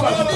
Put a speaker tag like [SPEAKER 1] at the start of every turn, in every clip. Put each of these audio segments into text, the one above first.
[SPEAKER 1] toogal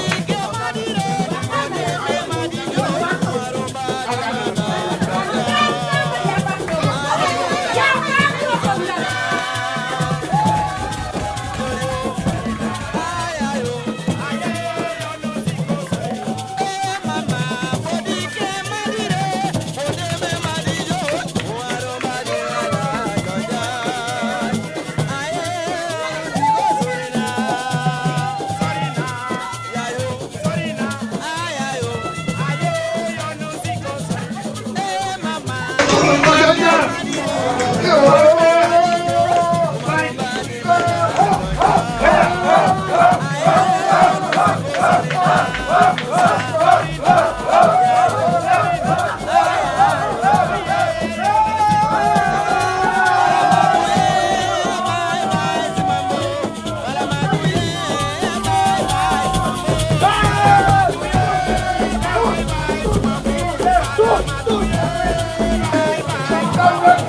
[SPEAKER 1] Thank you.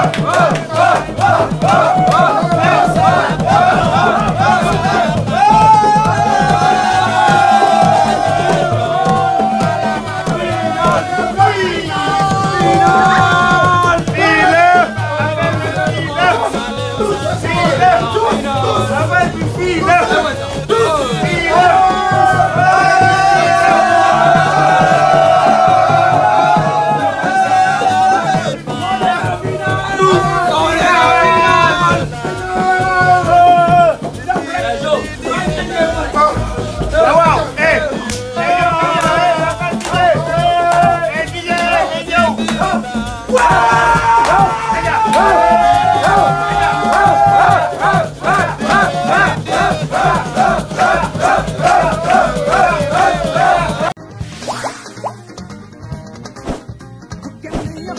[SPEAKER 2] oh, oh, oh, oh, oh.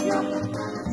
[SPEAKER 3] Thank you.